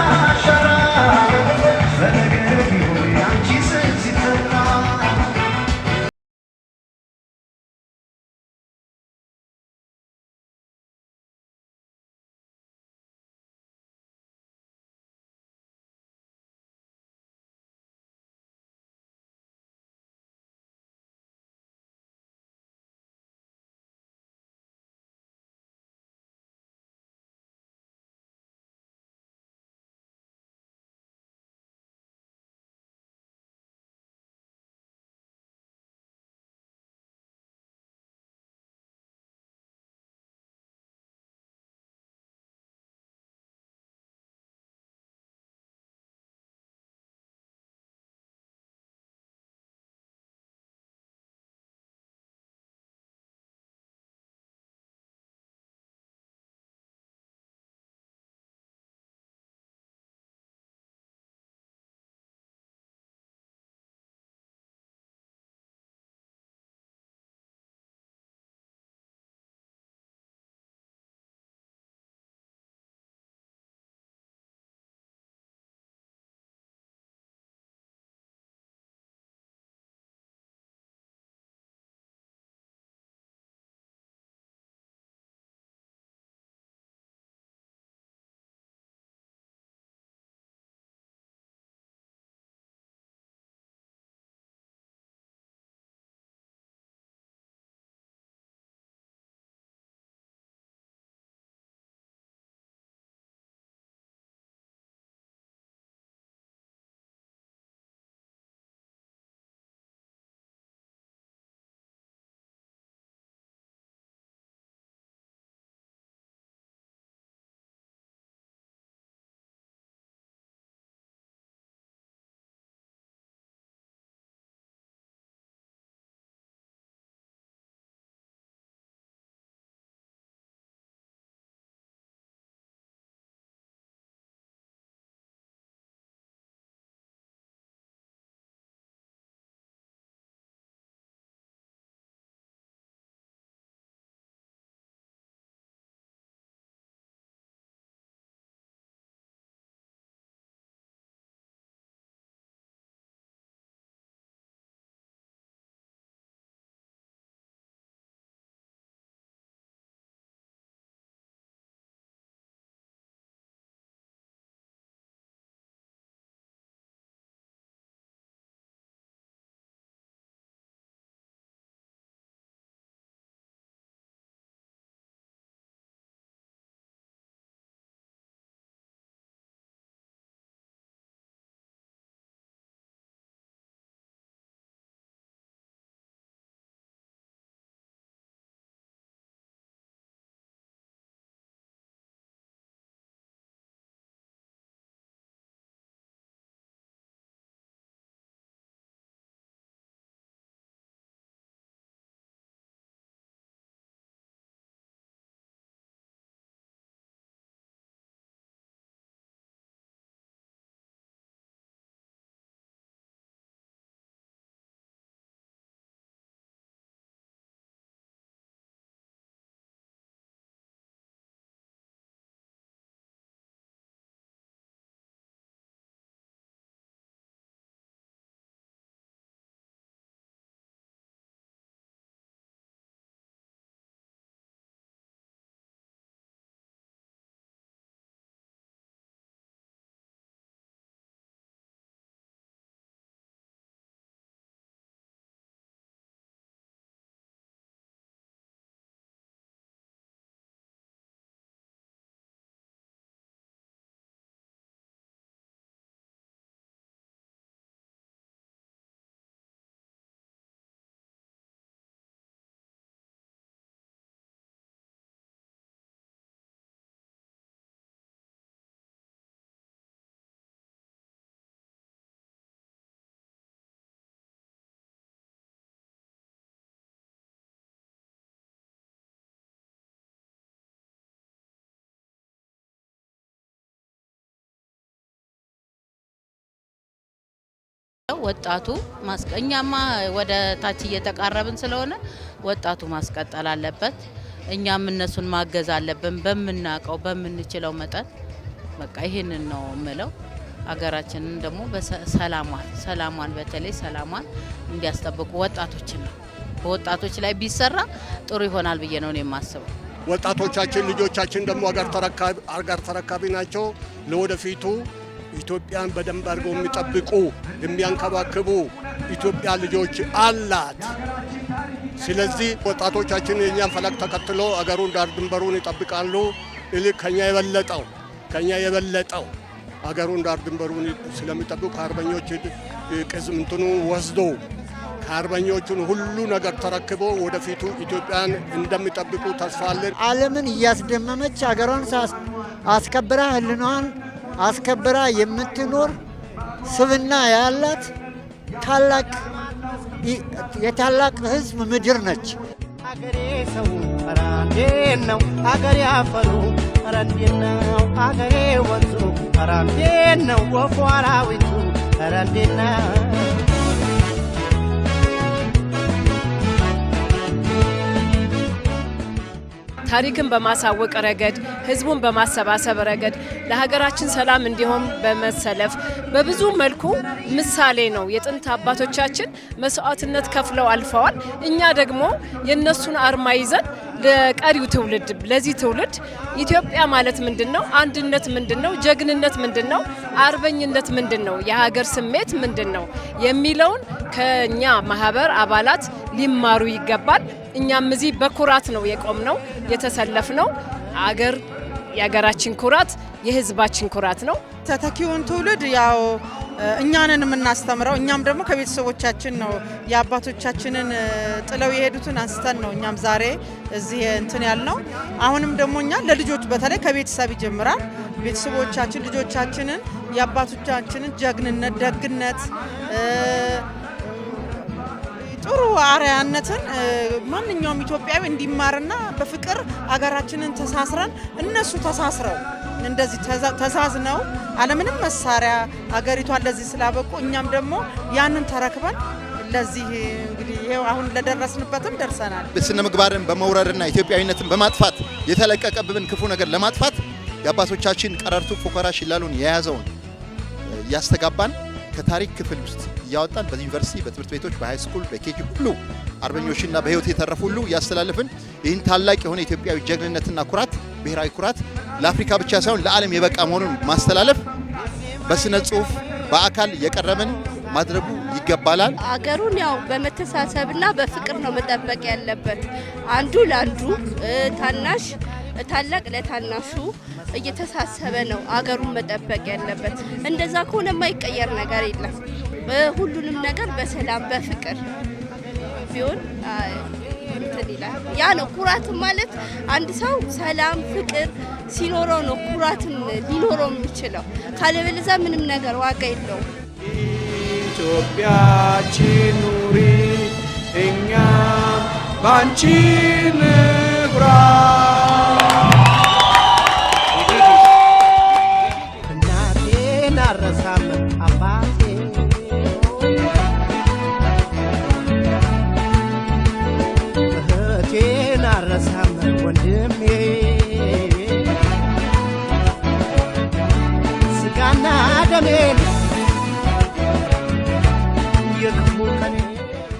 Yeah. ወጣቱ እኛማ ወደ ታች እየተቃረብን ስለሆነ ወጣቱ ማስቀጠል አለበት። እኛም እነሱን ማገዝ አለብን፣ በምናውቀው በምንችለው መጠን። በቃ ይህንን ነው የምለው። ሀገራችንን ደግሞ ሰላሟን ሰላሟን በተለይ ሰላሟን እንዲያስጠብቁ ወጣቶችን ነው በወጣቶች ላይ ቢሰራ ጥሩ ይሆናል ብዬ ነው የማስበው። ወጣቶቻችን ልጆቻችን ደግሞ አገር ተረካቢ ናቸው ለወደፊቱ ኢትዮጵያን በደንብ አድርገው የሚጠብቁ የሚያንከባክቡ ኢትዮጵያ ልጆች አላት። ስለዚህ ወጣቶቻችን የእኛን ፈለግ ተከትሎ አገሩን ዳር ድንበሩን ይጠብቃሉ። ይልቅ ከኛ የበለጠው ከኛ የበለጠው አገሩን ዳር ድንበሩን ስለሚጠብቁ ከአርበኞች ቅዝምንትኑ ወስዶ ከአርበኞቹን ሁሉ ነገር ተረክቦ ወደፊቱ ኢትዮጵያን እንደሚጠብቁ ተስፋ አለን። ዓለምን እያስደመመች አገሯን አስከብራ ህልናዋን አስከብራ የምትኖር ስብና ያላት ታላቅ የታላቅ ህዝብ ምድር ነች። አገሬ ሰው ራንዴን ነው አገሬ አፈሩ ረንዴን ነው አገሬ ወንዙ ራንዴን ነው ወፏራዊቱ ረንዴን ነው ታሪክን በማሳወቅ ረገድ፣ ህዝቡን በማሰባሰብ ረገድ፣ ለሀገራችን ሰላም እንዲሆን በመሰለፍ በብዙ መልኩ ምሳሌ ነው። የጥንት አባቶቻችን መስዋዕትነት ከፍለው አልፈዋል። እኛ ደግሞ የእነሱን አርማ ይዘን ለቀሪው ትውልድ ለዚህ ትውልድ ኢትዮጵያ ማለት ምንድን ነው? አንድነት ምንድን ነው? ጀግንነት ምንድን ነው? አርበኝነት ምንድን ነው? የሀገር ስሜት ምንድን ነው? የሚለውን ከኛ ማህበር አባላት ሊማሩ ይገባል። እኛም እዚህ በኩራት ነው የቆምነው። የተሰለፍ ነው። አገር የሀገራችን ኩራት የህዝባችን ኩራት ነው። ተተኪውን ትውልድ ያው እኛንን የምናስተምረው እኛም ደግሞ ከቤተሰቦቻችን ነው። የአባቶቻችንን ጥለው የሄዱትን አንስተን ነው እኛም ዛሬ እዚህ እንትን ያልነው። አሁንም ደግሞ እኛ ለልጆች በተለይ ከቤተሰብ ይጀምራል። ቤተሰቦቻችን ልጆቻችንን የአባቶቻችንን ጀግንነት፣ ደግነት አርአያነትን ማንኛውም ኢትዮጵያዊ እንዲማርና በፍቅር አገራችንን ተሳስረን እነሱ ተሳስረው እንደዚህ ተሳዝነው አለምንም መሳሪያ አገሪቷን ለዚህ ስላበቁ እኛም ደግሞ ያንን ተረክበን ለዚህ እንግዲህ ይሄው አሁን ለደረስንበትም ደርሰናል። ስነ ምግባርን በመውረድና ኢትዮጵያዊነትን በማጥፋት የተለቀቀብን ክፉ ነገር ለማጥፋት የአባቶቻችን ቀረርቱ ፎከራ ሽላሉን የያዘውን እያስተጋባን ከታሪክ ክፍል ውስጥ እያወጣን በዩኒቨርሲቲ፣ በትምህርት ቤቶች፣ በሃይስኩል፣ በኬጂ ሁሉ አርበኞችና በህይወት የተረፉ ሁሉ እያስተላለፍን ይህን ታላቅ የሆነ ኢትዮጵያዊ ጀግንነትና ኩራት ብሔራዊ ኩራት ለአፍሪካ ብቻ ሳይሆን ለዓለም የበቃ መሆኑን ማስተላለፍ በስነ ጽሁፍ በአካል የቀረብን ማድረጉ ይገባላል። አገሩን ያው በመተሳሰብና በፍቅር ነው መጠበቅ ያለበት። አንዱ ለአንዱ ታናሽ ታላቅ ለታናሹ እየተሳሰበ ነው አገሩን መጠበቅ ያለበት። እንደዛ ከሆነ የማይቀየር ነገር የለም። ሁሉንም ነገር በሰላም በፍቅር ቢሆን እንትን ይላል። ያ ነው ኩራት ማለት አንድ ሰው ሰላም ፍቅር ሲኖረው ነው ኩራትን ሊኖረው የሚችለው። ካለበለዛ ምንም ነገር ዋጋ የለውም። ኢትዮጵያችን ኑሪ እኛም ባንቺ ንኩራ